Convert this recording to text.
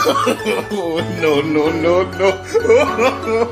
no, no, no, no.